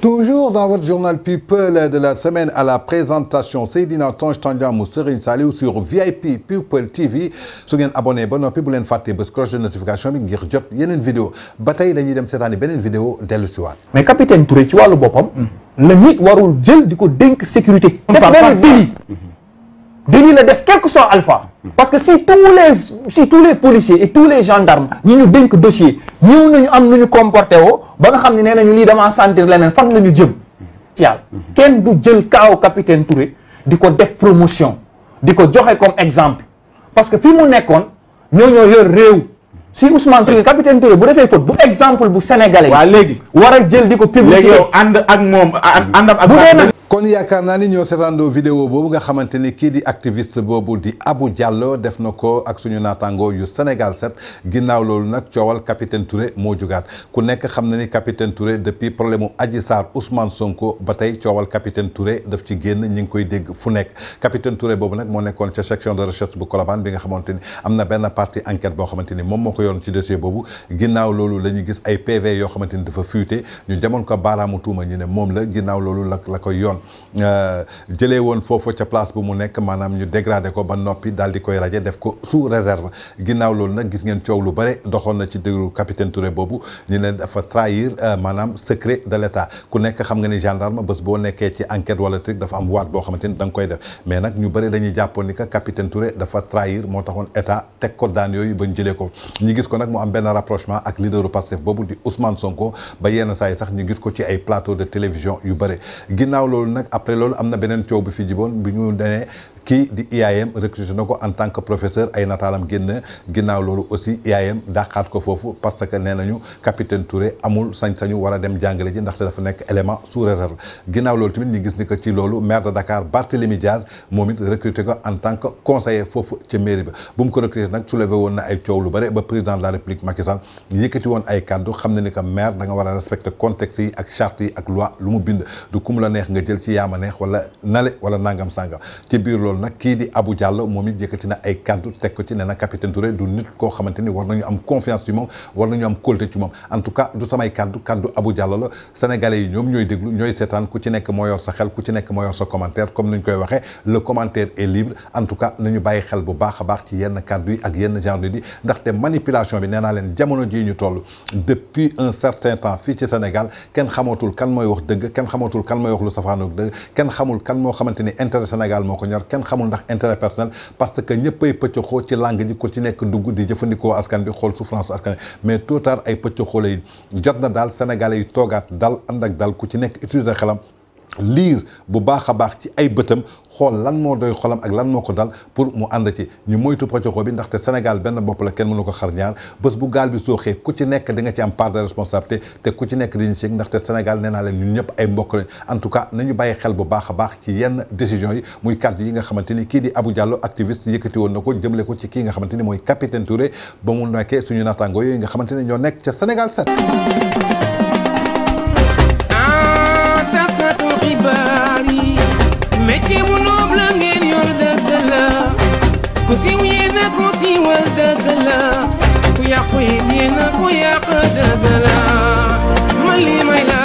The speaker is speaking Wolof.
Toujours dans votre journal People de la semaine à la présentation, c'est Seydina Tange Tandiamou Serigne Salou sur VIP People TV su abonné vous pouvez vous faire fàtte bés cloche de notification pour vous. jot une vidéo cette année. dañuy dem une vidéo de si mais capitaine Touré tu wàllu hmm. le la nit warul jël di ko une sécurité dañu la def quelque que soit alpha parce que si tous les si tous les policiers et tous les gendarmes ñu ñu dénk dossier ñëw nañu am lu ñu comporté woo ba nga xamni ne li dama sentir leneen fan lañu jëm tial kenn du jël kaw capitaine Touré diko def promotion diko ko joxe comme exemple parce que fi mu nekkoon ñoo ñoo yor réew si Ousmane Touré capitaine Touré bu defee faute bu exemple bu sénégalais. wa légui wara jël diko publier publicité léegi ak mom and ak. kon yaakaar naa ni ñoo seetaandoo vidéo boobu nga xamante ni kii di activiste boobu di Abou Diallo def na ko ak suñu naataango yu Sénégal set ginnaaw loolu nag coowal capitaine Touré moo jugaat ku nekk xam na ni capitaine Touré depuis problème mu Adji Sarr Ousmane Sonko ba tey coowal capitaine Touré def ci génn ñi ngi koy dégg fu nekk capitaine Touré boobu nag moo nekkoon ca section de recherche bu Colobane bi nga xamante ni am na benn partie enquête boo xamante ni moom moo ko yoon ci dossier boobu ginnaaw loolu la ñu gis ay PV yoo ni dafa fuité ñu jamoon ko baaraamu tuuma ñu ne moom la ginnaaw loolu la la koy yoon yoon euh, jëlee woon foofu ca place bu mu nekk maanaam ñu dégradé ko ba noppi daal di koy raje def ko sous réserve ginnaaw loolu nag gis ngeen coow lu bare doxoon na ci déglu capitaine Touré boobu ñu ne dafa trahir euh, maanaam secret de l'État ku nekk xam nga ni gendarme bés boo nekkee ci enquête wala truc dafa am waat boo xamante ni da nga koy def mais nag ñu bëri dañuy jàppoon ni que capitaine Touré dafa trahir moo taxoon État teg ko daan yooyu ba ñu jëlee ko gis ko nag mu am benn rapprochement ak leaderu Pastef boobu di Ousmane Sonko ba yenn saa yi sax ñu gis ko ay plateau de télévision yu bëri loolu nag après loolu am na beneen coow bi fi jiboon bu ñu dee Qui di e IAM recruté na en tant que professeur ay natalam génn ginnaaw loolu aussi e IAM dàqaat ko fofu parce que nee nañu capitaine Touré amul sañ-sañu war dem jàngale ji ndaxte dafa élément sous réserve ginnaaw loolu tamit ñu gis ni que ci maire de Dakar Barthélémy Diaz Momit recruté ko en tant que conseiller fofu ca mairie ba bu mu recruté nag soulevé woon na ay coow lu bare ba président de la république Macky Sall yëkkati woon ay kàddu xam ni que maire da nga war respecter contexte yi ak charte ak loi lu mu bind du ku la neex nga jël ci neex wala nale wala nangam sangam ci biir loolu nag kii di Abou Diallo momit it na ay kaddu tek ko ci nee capitaine Touré du nit ko xamanteni war nañu am confiance ci mom war nañu am colté ci mom en tout cas du samay kaddu kaddu Abou Diallo la sénégalais yi ñoom ñooy déglu ñoy sétane ku ci nek moo yor sa xel ku ci nek moo yor sa commentaire comme nuñ koy waxé le commentaire est libre en tout cas nañu bayyi xel bu baaxa baax ci yenn kaddu yi ak yenn genre di ndax té manipulation bi nee len jamono ji ñu toll depuis un certain temps fi ci Sénégal kenn xamatul kan moy wax deug kenn xamatul kan moy wax lu safaanoog deug kenn xamul kan mo xamanteni ni intérêt Sénégal moko ñor kenn xamul ndax intérêt personnel parce que ñëppay pëccaxoo ci langue ji ku ci nekk dugg di jëfandikoo askan bi xool souffrance askan bi mais tôt tard ay pëccaxoo la yi jot na daal sénégalais yi toogaat dal ànd ak daal ku ci nekk utiliser xelam liir bu baax a baax ci ay bëtam xool lan moo doy xolam ak lan moo ko dal pour mu ànd ci ñu moytu poccoxoo bi ndaxte Sénégal benn bopp la kenn mënu ko xar ñaar bés bu gaal bi sooxee ku ci nekk di nga ci am part de responsabilité te ku ci nekk di ñu ci ndaxte Sénégal nee naa leen ñun ñëpp ay mbokk lañ en tout cas nañu bàyyi xel bu baax a baax ci yenn décision yi muy kàddu yi nga xamante ni kii di Abou Diallo activiste yëkkati woon na ko jëmale ko ci kii nga xamante ni mooy capitaine Touré mu nekkee suñu naataangoo yooyu nga xamante ni ñoo nekk ca Sénégal 7 ku siiw yéen a ku siiwal dëgg la ku yàqu yéen a ku yàq dëgg la man li may la